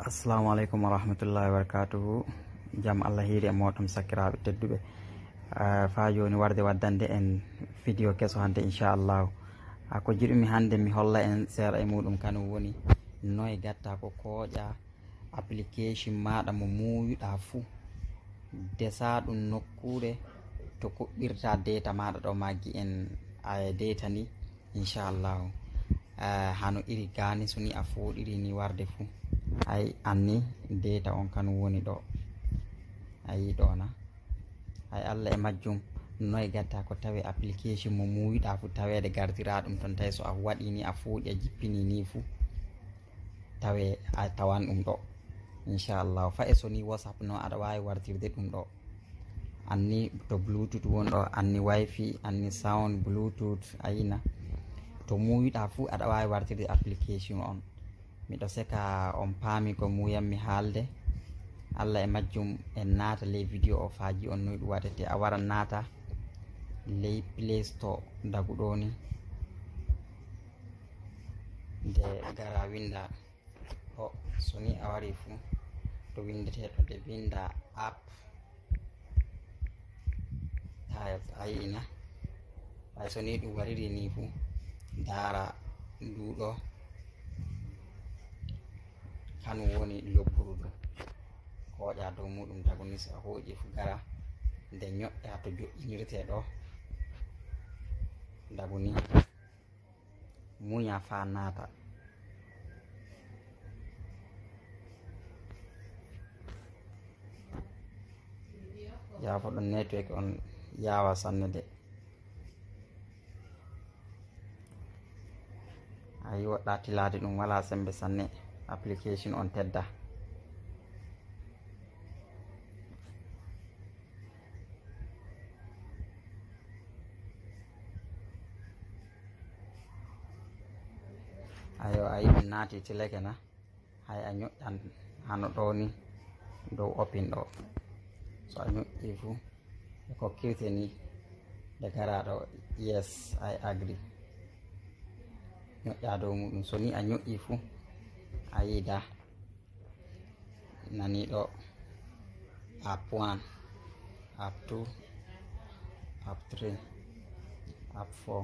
assalamu aleykum wa rahmatullahi wa barakatuhu jaam allah hiiri e moɗom sakkiraɓe tedduɓe ah, fa joni warde waddande en vidéo keso hande inchallahu ah, ko jiɗumi hande mi holla en seeɗa e muɗum kanum woni noye gatta ko kooƴa application maɗa mo muuyuɗa fuu desa ɗum nokkure to kuɓɓirta deta maɗa ɗo maggi en e deta ni inchallahu ah, hano iri gani soni a fuɗiri ni warde fuu ay anni deta on kan woni ɗo ayi ɗona ay allah e majjum noye gatta ko tawe application mo muwiɗa fu tawede gardira ɗum ton tawi so a waɗini a fuuƴi a jippini ni fu tawe a tawan ɗum ɗo inchallah fa e soni whatsapp no aɗa wawi wartirde ɗum ɗo anni to bluetooth wonɗo anni wifi anni sound bluetooth ayina to muwiɗa fu aɗa wawi wartirde application on miɗo seka on paami ko muyanmi haalde allah e majjum en naata ley vidéo o faaji on noyi ɗum waɗete a wara naata ley playsto dagu ɗoni nde gara winda o so ni a wari fuu to windeteɗo de winda app tayes ayiina ay so ni ɗum wariri ni fuu ndaara nduɗo kanum woni lobburu ɗum hooƴa dow muɗum dagoni so a hooƴi fu gara nde ñoƴƴa to joƴƴinirte ɗo dagoni muña fa naata yaafo ɗon netwek on yaawa sanne de ayi woɗɗa tilaade ɗum wala sembe sanne application on tedda ayo ayi ɗum naati tileke na hay a ñoƴƴan hano ɗo ni dow opin ɗo so a ñoƴƴi fu e kokkirte ni nde garaɗo yes ay agri ñoƴƴa dow muɗum so ni a ñoƴƴi fuu aida naniɗo apuan aptu aptrin apfo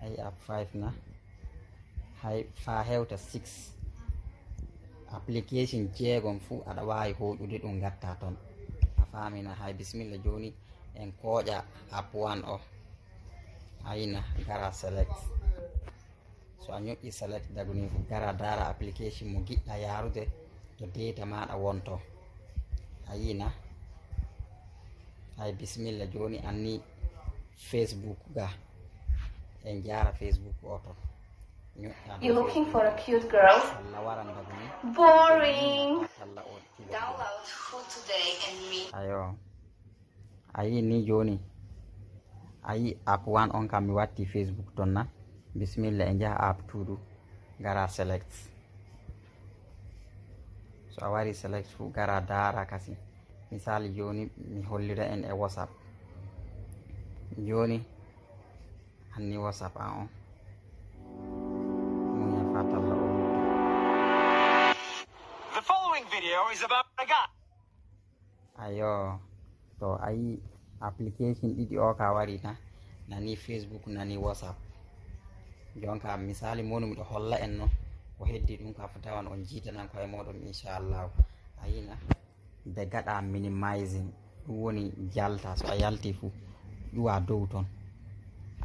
hay ap5 na hai fa hewta 6 application jeegon fuu aɗa wawi hoƴude ɗum gatta toon a famina hai Bismillah joni en kooƴa apuan o oh. aina gara select so a ñoƴƴi salati daguni ko gara dara application mo giɗɗa yarude to data maɗa wonto a yina hay bisimilla joni anni facebook ga en jara facebook o ton You looking for a cute girl? Boring. Oh, Download food today and me. Ayo. Ayi ni joni. Ayi app one on kam mi facebook tonna. na. bismillah injah ab up gara select so awari select fu gara dara kasi Misal joni mi hollira en e whatsapp joni hanni whatsapp an on muña ya la o the following video is about a guy ayo to ai application ɗiɗi o ka wari na nani facebook nani whatsapp jonka misali mo numiɗo holla en noon o heddi ɗum ka fotawan on jiitanan koye moɗon inchallah a yina de gaɗa minimising ɗum woni jalta so a yalti fou ɗuwa dow toon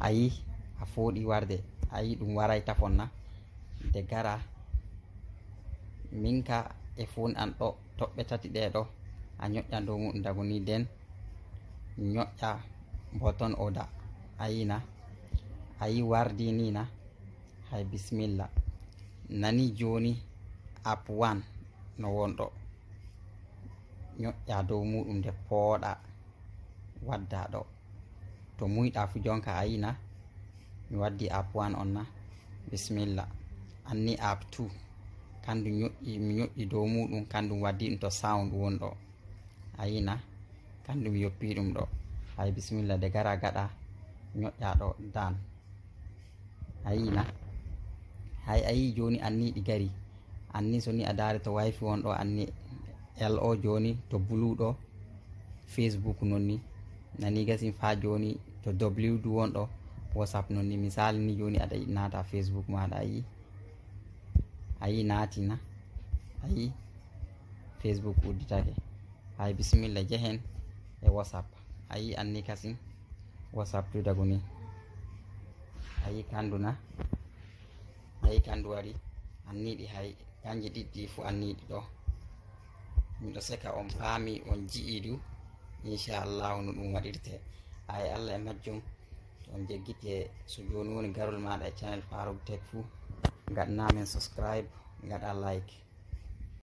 ayi a fooɗi warde ayi ɗum waray tafon na de gara min ka e fon an ɗo toɓɓe tati ɗe ɗo a ñoƴƴa dow muɗum dago ni den ñoƴƴa bo toon o da ayina ayi wardi ni na hay bisimilla nani joni app one no wonɗo ñoƴƴa dow muɗum nde pooɗa wadda ɗo to muyiɗa fu jonka a yina mi waddi app one on na bisimilla anni app two kandu ñoƴƴi mi ñoƴƴi dow muɗum kandum waddi ɗum to sound wonɗo a yina kandu mi yoppi ɗum ɗo hay bisimilla de gara gaɗa ñoƴƴa ɗo dan a yina hay ayi joni anni ɗi gari anni soni a daare to wifi won ɗo anni lo joni to blu ɗo facebook nonni nani gasin fa joni to wd won ɗo whatsapp nonni misali ni joni aɗa nata facebook maɗa ayi ayi natina ayi facebook udditake hay bisimilla jehen e whatsapp ayi anni kasin whatsapp tudaguni ayi kanduna tawi kandu wari anniɗi hay kanje ɗiɗɗi fo anniɗi ɗo miɗo seka on paami on ji'iɗu inchallahu no ɗum waɗirte aya allah e majjum toon jeggite so joni woni garol maɗa e channel farog tek fou gaɗanamen subscribe gaɗa like